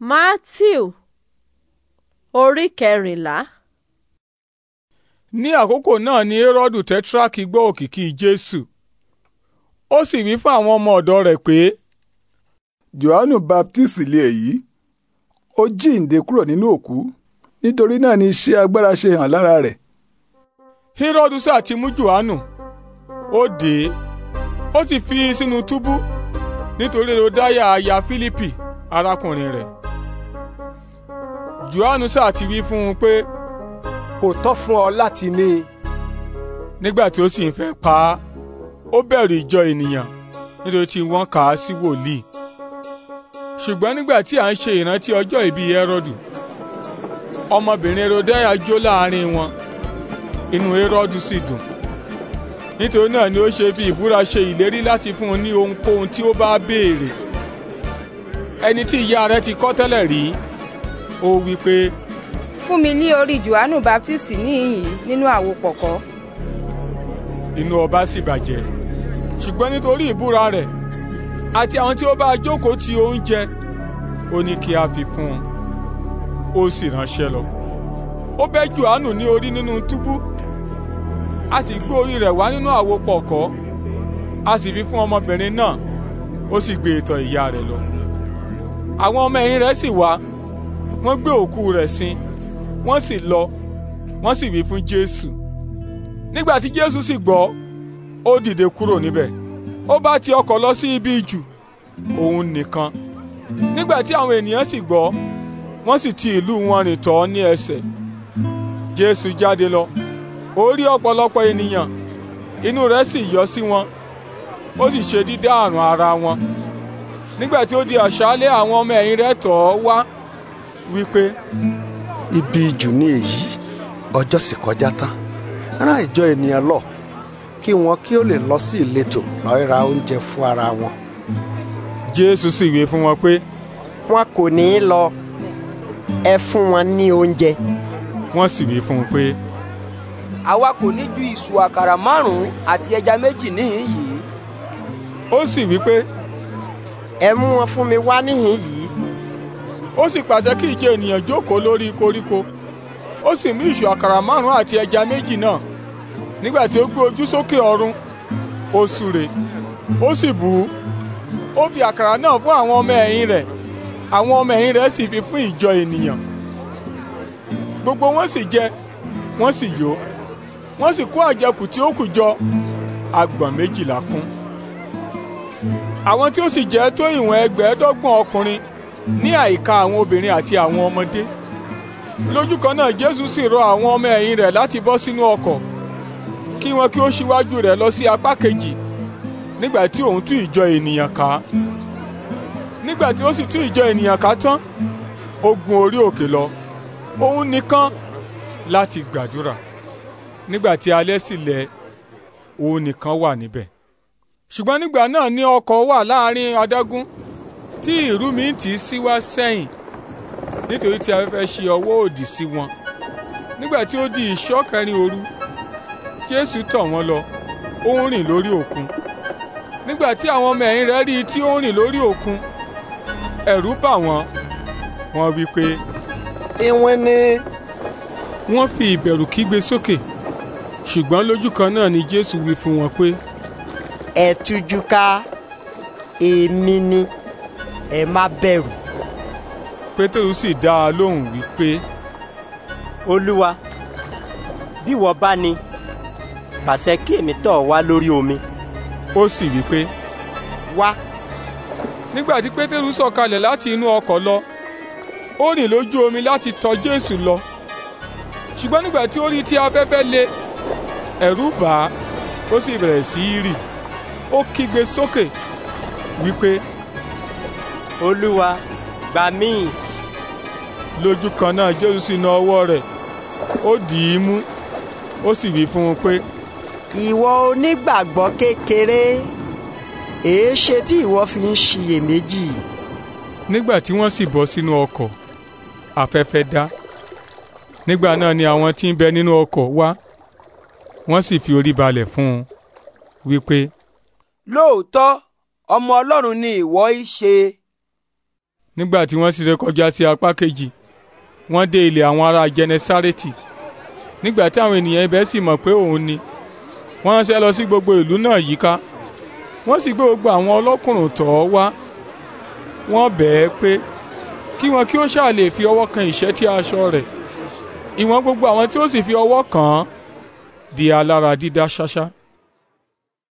Matthew orí kẹrìnlá. Ní àkókò náà ni Héródù tẹ́tírákì gbọ́ òkìkí Jésù. Ó sì wí fún àwọn ọmọ ọ̀dọ́ rẹ̀ pé. Jòhánù Baptist lé èyí. Ó jíǹde kúrò nínú òkú. Nítorí náà ni iṣẹ́ agbára ṣe hàn lára rẹ̀. Héródù sá ti mú Jòhánù. Ó dè é. Ó sì fi sínú túbú nítorí Herodáyà aya Fílípì arákùnrin rẹ̀. Jòhánù sá ti wí fún un pé kò tọ́ fún ọ láti ní i. nígbà tí ó sì ń fẹ́ pa á ó bẹ̀rù ìjọ ènìyàn nítorí tí wọ́n kà á sí wòlíì. ṣùgbọ́n nígbà tí à ń ṣe ìrántí ọjọ́ ìbí Hẹ́rọ́dù ọmọbìnrin Herodíà jó láàrin wọn inú Hẹ́rọ́dù sì dùn nítorí náà ni ó ṣe fi ìbúra ṣe ìlérí láti fún un ní ohunkóhun tí ó bá béèrè ẹni tí ìyá rẹ̀ ti kọ̀ tẹ́lẹ̀ rí ó wí pé. fún mi ní orí Jòhánù Baptist níhìn-ín nínú àwopọ̀kọ́. inú ọba sì bàjẹ́ ṣùgbọ́n nítorí ìbúra rẹ̀ àti àwọn tí ó bá jókòó ti oúnjẹ ó ní kí a fi fún un ó sì ránṣẹ́ lọ ó bẹ́ Jòhánù ní orí nínú túbú a sì gbé orí rẹ̀ wá nínú àwopọ̀kọ́ a sì fi fún ọmọbìnrin náà ó sì gbé ìtọ̀ ìyá rẹ̀ lọ àwọn ọmọ ẹ̀yìn rẹ̀ sì wá. Si wọ́n gbé òkú rẹ̀ sin wọ́n sì lọ wọ́n sì wí fún Jésù nígbà tí Jésù sì gbọ́ ó dìde kúrò níbẹ̀ ó bá ti ọkọ̀ lọ sí ibi jù òun nìkan nígbà tí àwọn ènìyàn sì gbọ́ wọ́n sì ti ìlú wọn rìn tọ̀ ní ẹsẹ̀ Jésù jáde lọ ó rí ọ̀pọ̀lọpọ̀ ènìyàn inú rẹ̀ sì yọ sí wọn ó sì ṣe dídá àrùn ara wọn nígbà tí ó di àṣálẹ́ àwọn ọmọ ẹ̀yìn rẹ̀ tọ̀ wá wípé ibi jù ní èyí ọjọ́ sì kọjá tán rán ìjọ ènìyàn lọ kí wọn kí ó lè lọ sí ìletò lọ́ọ́ ra oúnjẹ fún ara wọn. jésù sì wí fún wọn pé. wọn kò ní í lọ ẹ fún wọn ní oúnjẹ. wọ́n sì wí fún un pé. àwa kò ní ju ìṣù àkàrà márùn àti ẹja méjì níhìn yìí. ó sì wí pé. ẹ mú wọn fún mi wá níhìn yìí ó sì pàṣẹ kí ìjọ ènìyàn jókòó lórí koríko ó sì mú ìṣù àkàrà márùn-ún àti ẹja méjì náà nígbà tí ó gbé ojú sókè ọ̀run ó súre ó sì bù ú ó fi àkàrà náà fún àwọn ọmọ ẹ̀yìn rẹ̀ àwọn ọmọ ẹ̀yìn rẹ̀ sì fi fún ìjọ ènìyàn gbogbo wọn sì jẹ wọ́n sì yó wọ́n sì kó àjẹkù tí ó kù jọ agbọ̀n méjìlá kún àwọn tí ó sì jẹ tó ìwọ̀n ẹgbẹ̀ẹ́dọ́gbọ̀n ọkùnrin ní àyíká àwọn obìnrin àti àwọn ọmọdé lójú kan náà jésù sì rọ àwọn ọmọ ẹ̀yìn rẹ̀ láti bọ́ sínú ọkọ̀ kí wọn kí ó ṣíwájú rẹ̀ lọ sí apá kejì nígbà tí òun tú ìjọ ènìyàn ká nígbà tí ó sì tú ìjọ ènìyàn ká tán ó gun orí òkè lọ òun nìkan láti gbàdúrà nígbà tí alẹ́ sì lẹ òun nìkan wà níbẹ̀ ṣùgbọ́n nígbà náà ní ọkọ̀ wà láàrin adágún tí ìrú mi tì í sí wá sẹ́yìn nítorí tí afẹ́fẹ́ ṣe ọwọ́ òdì sí wọn nígbà tí ó di ìṣọ́ kẹrin òru jésù tọ̀ wọ́n lọ ó ń rìn lórí òkun nígbà tí àwọn ọmọ ẹ̀yìn rẹ̀ rí i tí ó ń rìn lórí òkun ẹ̀rù bà wọ́n wọ́n wí pé. ìwọ̀n ni. wọ́n fi ìbẹ̀rù kígbe sókè ṣùgbọ́n lójú kan náà ni jésù wí fún wọn pé. ẹ èmi ni. E ẹ má bẹ̀rù. pétérù sì dá a lóhùn wípé. olúwa bí ìwọ bá ní pàṣẹ kí èmi tọ̀ wá lórí omi. ó sì wípé. wá. nígbà tí pétérù sọ̀kalẹ̀ láti inú ọkọ̀ lọ ó rìn lójú omi láti tọ̀ jésù lọ ṣùgbọ́n nígbà tí ó rí tí afẹ́fẹ́ lé, ẹ̀rù bá. á ó sì bẹ̀rẹ̀ sí í rì ó kígbe sókè wípé. olúwa gbà mí. lójú kan náà jésù sì na ọwọ́ rẹ̀ ó dì í mú ó sì wí fún un pé. ìwọ onígbàgbọ́ kékeré èéṣe tí ìwọ fi ń ṣiyèméjì. nígbà tí wọ́n sì bọ́ sínú ọkọ̀ afẹ́fẹ́ dá nígbà náà ni àwọn tí ń bẹ nínú ọkọ̀ wá wọ́n sì fi orí balẹ̀ fún un wípé. lóòótọ́ ọmọ ọlọ́run ni ìwọ í ṣe nígbà tí wọ́n sì rékọjá sí apá kejì wọ́n dé ilé àwọn ará jẹnẹsárẹ́tì nígbà tí àwọn ènìyàn ibẹ̀ sì mọ̀ pé òun ni wọ́n ránṣẹ́ lọ sí gbogbo ìlú náà yíká wọ́n sì gbé gbogbo àwọn ọlọ́kùnrùn tọ̀ ọ́ wá wọ́n bẹ̀ẹ́ pé kí wọn kí ó ṣáà lè fi ọwọ́ kan ìṣẹ́tí aṣọ rẹ̀ ìwọ̀n gbogbo àwọn tí ó sì fi ọwọ́ kàn án di alára dídá ṣáṣá